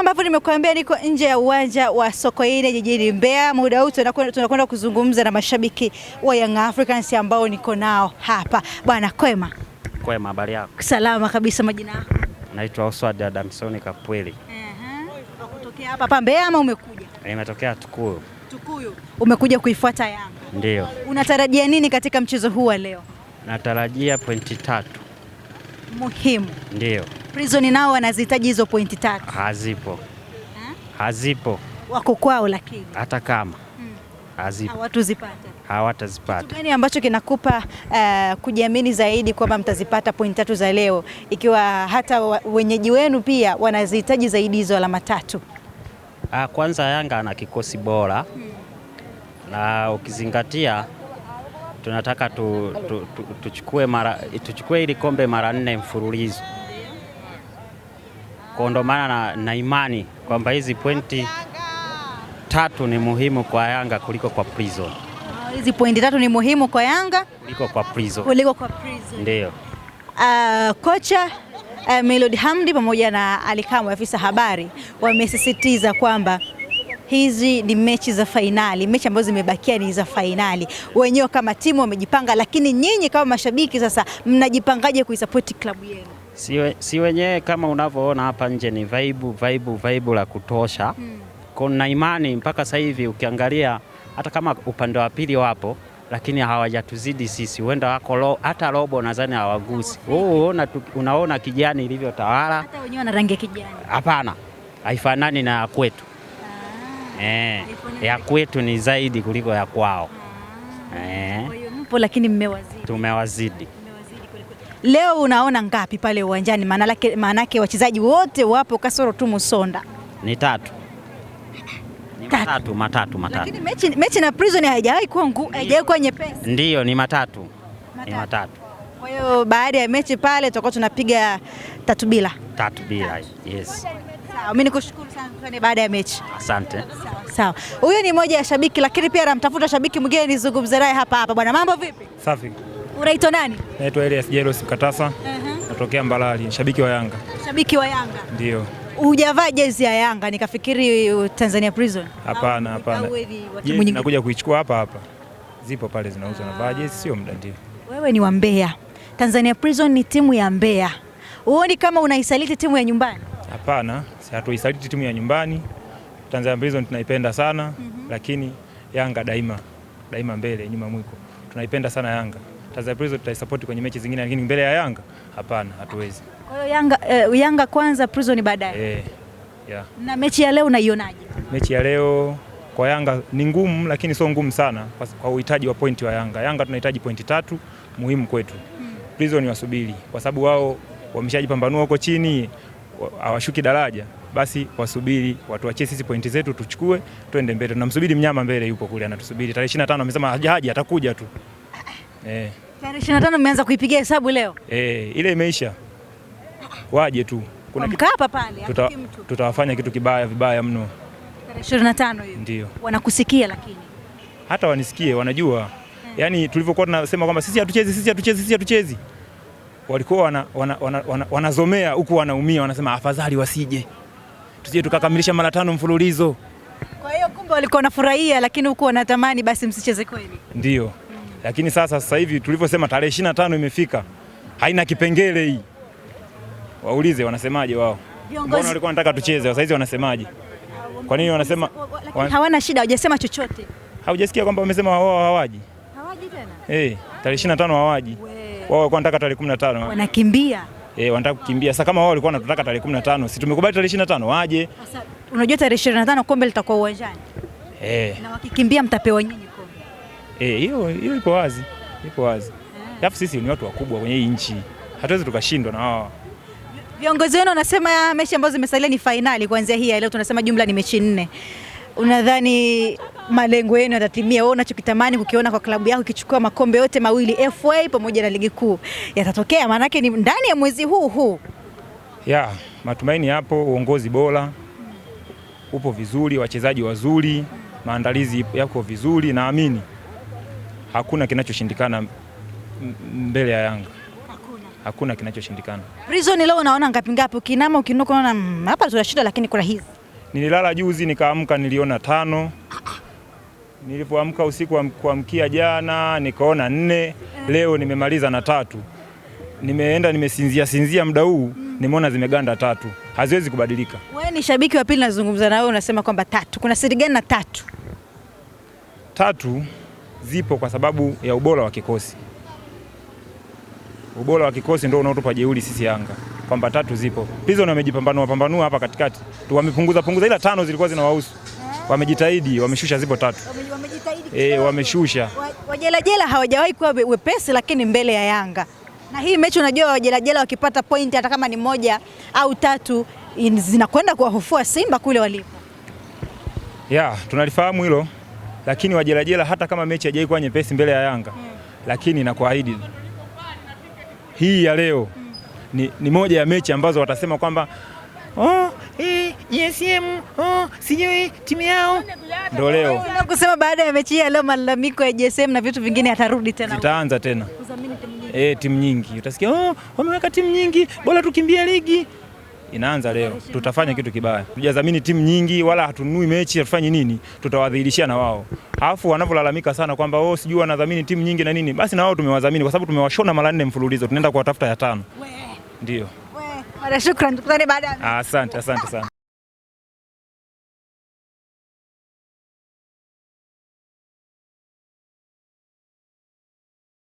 ambavyo nimekuambia niko nje ya uwanja wa Sokoine jijini Mbeya. Muda huu tunakwenda kuzungumza na mashabiki wa Young Africans ambao niko nao hapa. Bwana kwema? Kwema, habari yako? Salama kabisa. Majina yako? Naitwa Oswald Adamson Kapweli. uh hapa hapa Mbeya ama umekuja? Nimetokea Tukuyu. Tukuyu. Umekuja kuifuata Yanga? Ndio. Unatarajia nini katika mchezo huu wa leo? Natarajia pointi tatu muhimu. Ndio. Prison nao wanazihitaji hizo pointi tatu. Hazipo ha? Hazipo, wako kwao, lakini hata kama hmm, hawatuzipata hawatazipata. Kitu gani ambacho kinakupa uh, kujiamini zaidi kwamba mtazipata pointi tatu za leo, ikiwa hata wenyeji wenu pia wanazihitaji zaidi hizo alama tatu? Ah, kwanza Yanga ana kikosi bora hmm, na ukizingatia tunataka tu, tu, tu, tuchukue mara tuchukue ili kombe mara nne mfululizo. Kwa ndo maana na, na imani kwamba hizi pointi tatu ni muhimu kwa Yanga kuliko kwa Prison. Ah, hizi pointi tatu ni muhimu kwa Yanga kuliko kwa Prison. Kuliko kwa Prison. Ndio. Uh, kocha uh, eh, Melody Hamdi pamoja na Alikamwe afisa habari wamesisitiza kwamba hizi ni mechi za fainali, mechi ambazo zimebakia ni za fainali. Wenyewe kama timu wamejipanga, lakini nyinyi kama mashabiki sasa mnajipangaje kuisapoti klabu yenu? si wenyewe kama unavyoona hapa nje ni vaibu vaibu vaibu la kutosha hmm. Kuna imani mpaka sasa hivi ukiangalia hata kama upande wa pili wapo, lakini hawajatuzidi sisi, huenda wako lo, hata robo nadhani hawagusi. Unaona, unaona kijani ilivyotawala, hata wenyewe rangi ya kijani. Hapana, haifanani na ya kwetu ah, eh, ya kwetu ni zaidi kuliko ya kwao ah, eh, mpo lakini mmewazidi, tumewazidi leo unaona ngapi pale uwanjani? Maanake wachezaji wote wapo kasoro tu Musonda. Ni tatu ni matatu, matatu, matatu. Lakini mechi, mechi na Prison haijawahi kuwa ngumu, haijawahi kuwa nyepesi. Ndio, ni matatu, matatu. Ni matatu. Kwa hiyo baada ya mechi pale tutakuwa tunapiga tatu bila. Tatu bila. Yes. Sawa, mimi nikushukuru sana baada ya mechi. Asante. Sawa. Huyo ni moja ya shabiki lakini pia anamtafuta shabiki mwingine nizungumze naye hapa hapa. Bwana mambo vipi? Safi. Unaitwa nani? Naitwa Elias Jeros Mkatasa. Uh-huh. Natokea Mbalali, shabiki wa Yanga. Shabiki wa Yanga. Ndio. Hujavaa jezi ya Yanga nikafikiri Tanzania Prison. Hapana, hapana. nakuja kuichukua hapa hapa. Zipo pale zinauzwa, navaa ah. jezi sio muda ndio. Wewe ni wa Mbeya. Tanzania Prison ni timu ya Mbeya. Huoni kama unaisaliti timu ya nyumbani? Hapana, si hatuisaliti timu ya nyumbani. Tanzania Prison tunaipenda sana. Mm -hmm. Lakini Yanga daima daima mbele, nyuma mwiko. Tunaipenda sana Yanga. Prison tutaisapoti kwenye mechi zingine, lakini mbele ya Yanga hapana, hatuwezi. Kwa hiyo Yanga, uh, Yanga kwanza Prison baadaye. Eh, yeah. Na mechi ya leo unaionaje? Mechi ya leo kwa Yanga ni ngumu, lakini sio ngumu sana kwa uhitaji wa pointi wa Yanga. Yanga tunahitaji pointi tatu muhimu kwetu. Hmm. Prison wasubiri kwa sababu wao wameshajipambanua huko chini, hawashuki daraja basi wasubiri watuachie sisi pointi zetu tuchukue, twende mbele. Tunamsubiri mnyama mbele, yupo kule anatusubiri. Tarehe 25 amesema hajaji, atakuja tu. Eh. Tarehe 25 mmeanza kuipigia hesabu leo? Eh, ile imeisha. Waje tu. Kuna Mkapa pale tuta, tutawafanya kitu kibaya vibaya mno. Tarehe 25 hiyo. Ndio. Wanakusikia lakini. Hata wanisikie wanajua. Hmm. Yaani tulivyokuwa tunasema kwamba sisi hatuchezi, sisi hatuchezi, sisi hatuchezi. Walikuwa wana, wana, wana, wana, wanazomea huku wanaumia wanasema afadhali wasije. Tusije tukakamilisha mara tano mfululizo. Kwa hiyo kumbe walikuwa wanafurahia lakini huku wanatamani basi msicheze kweli. Ndio lakini sasa sasa hivi tulivyosema tarehe ishirini na tano imefika, haina kipengele hii. Waulize wanasemaje wao, mbona walikuwa wanataka tucheze, sasa hizi wanasemaje? Kwa nini wanasema lakini hawana shida, hawajasema chochote. Haujasikia kwamba wamesema wao hawaji, hawaji tena eh, tarehe ishirini na tano hawaji wao, walikuwa wanataka tarehe kumi na tano wanakimbia Eh, wanataka kukimbia. Sasa kama wao walikuwa wanataka tarehe 15, si tumekubali tarehe 25 waje. Sasa unajua tarehe 25 kombe litakuwa uwanjani. Eh. Na wakikimbia mtapewa nyinyi. Eh, hiyo e, ipo wazi, ipo wazi. Alafu sisi ni watu wakubwa kwenye hii nchi, hatuwezi tukashindwa na wao. Viongozi wenu wanasema mechi ambazo zimesalia ni fainali kuanzia hii leo, tunasema jumla ni mechi nne. Unadhani malengo yenu yatatimia? Wewe unachokitamani kukiona kwa klabu yako ikichukua makombe yote mawili FA pamoja na ligi kuu yatatokea? Maanake ni ndani ya mwezi huu huu ya matumaini yapo, uongozi bora upo vizuri, wachezaji wazuri, maandalizi yako vizuri, naamini hakuna kinachoshindikana mbele ya Yanga, hakuna, kinachoshindikana. Prison leo unaona ngapi ngapi? Ukinama ukinuka unaona mm, hapa tunashinda, lakini kuna hizi. Nililala juzi nikaamka niliona tano nilipoamka usiku kuamkia jana nikaona nne, leo nimemaliza na tatu. Nimeenda nimesinzia sinzia muda huu nimeona zimeganda tatu, haziwezi kubadilika. Wewe ni shabiki wa pili, nazungumza na wewe, unasema kwamba tatu. Kuna siri gani na tatu? Tatu zipo kwa sababu ya ubora wa kikosi. Ubora wa kikosi ndio unaotupa jeuri sisi Yanga kwamba tatu zipo. Prison wamejipambanua pambanua hapa katikati tu, wamepunguza punguza, ila tano zilikuwa zinawahusu, wamejitahidi, wameshusha, zipo tatu e, wameshusha. Wajelajela hawajawahi kuwa wepesi, lakini mbele ya Yanga na hii mechi unajua, wajelajela wakipata pointi hata kama ni moja au tatu zinakwenda kuwafufua Simba kule walipo. Yeah, tunalifahamu hilo lakini Wajelajela hata kama mechi haijai kuwa nyepesi mbele ya Yanga mm. lakini nakuahidi hii ya leo hmm. ni, ni moja ya mechi ambazo watasema kwamba oh, eh, oh, sijui timu yao ndio leo kusema baada ya mechi ya leo malalamiko ya JSM na vitu vingine atarudi tena itaanza tena e, timu nyingi utasikia oh, wameweka timu nyingi bora tukimbia ligi inaanza leo, tutafanya kitu kibaya. Tujadhamini timu nyingi wala hatununui mechi, hatufanyi nini, tutawadhihirishia na wao. Alafu wanavyolalamika sana kwamba wao oh, sijui wanadhamini timu nyingi na nini, basi na wao tumewadhamini kwa sababu tumewashona mara nne mfululizo, tunaenda kuwatafuta ya tano. Ndio. Asante, asante sana.